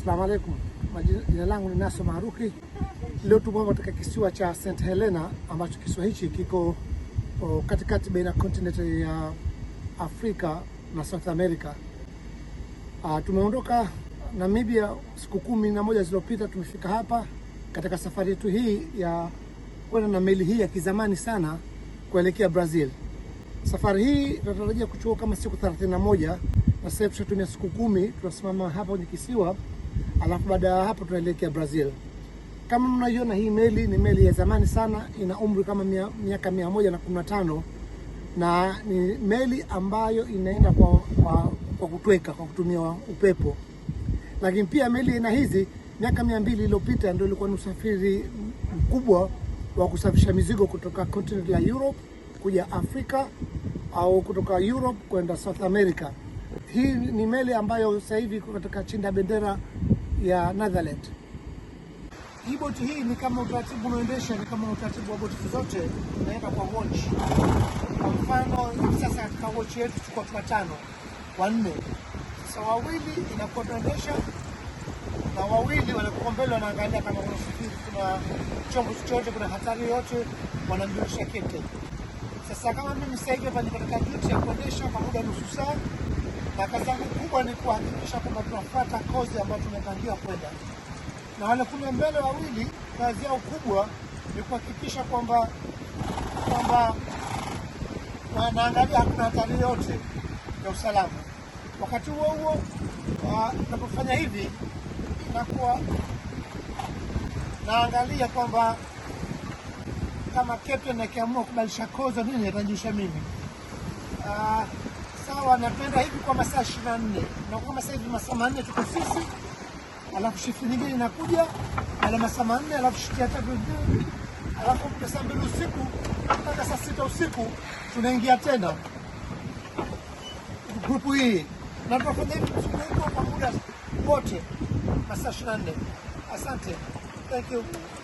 Asalamu alaikum. Jina langu ni Naso Maruki. Leo tupo katika kisiwa cha St Helena ambacho kisiwa hichi kiko katikati baina ya continent ya Afrika na South America. Uh, tumeondoka Namibia siku kumi na moja zilizopita, tumefika hapa katika safari yetu hii ya kwenda na meli hii ya kizamani sana kuelekea Brazil. Safari hii tunatarajia kuchukua kama siku 31 na sasa tumetumia siku kumi, tunasimama hapa kwenye kisiwa alafu baada ya hapo tunaelekea Brazil. Kama mnaiona hii meli ni meli ya zamani sana, ina umri kama miaka mia moja na kumi na tano na ni meli ambayo inaenda kwa, kwa, kwa kutweka kwa kutumia upepo, lakini pia meli aina hizi miaka mia mbili iliyopita ndio ilikuwa ni usafiri mkubwa wa kusafisha mizigo kutoka continent la Europe kuja Afrika au kutoka Europe kwenda South America. Hii ni meli ambayo sasa hivi katika chini ya bendera ya Netherland. Hii boti hii ni kama utaratibu unaendesha, ni kama utaratibu wa boti zote unaenda kwa watch. Kwa mfano hivi sasa katika watch yetu tuko tuna tano wanne, sasa wawili inakuwa tunaendesha na wawili wanakuwa mbele, wanaangalia kama kuna sifiri, kuna chombo chochote, kuna hatari yoyote, wanamjulisha kete Sasa kama mimi sasa hivi hapa niko katika duty ya kuendesha kwa muda nusu saa na yangu kubwa ni kuhakikisha kwamba tunafuata kozi ambayo tumepangiwa kwenda, na wale kule mbele wawili, kazi yao kubwa ni kuhakikisha kwamba kwamba wanaangalia hakuna hatari yote ya usalama. Wakati huo huo, ah, tunapofanya hivi, nakuwa naangalia kwamba kama captain akiamua kubadilisha kozi, nini atajulisha mimi wanapenda hivi kwa masaa 24 na kwa masaa hivi masaa manne tuko sisi, alafu shift nyingine inakuja ala masaa manne, alafu shift ya tatu, alafu kwa saa mbili usiku mpaka saa sita usiku tunaingia tena grupu hii, na tunafanya hivi mzunguko kwa muda wote masaa 24. Asante, thank you.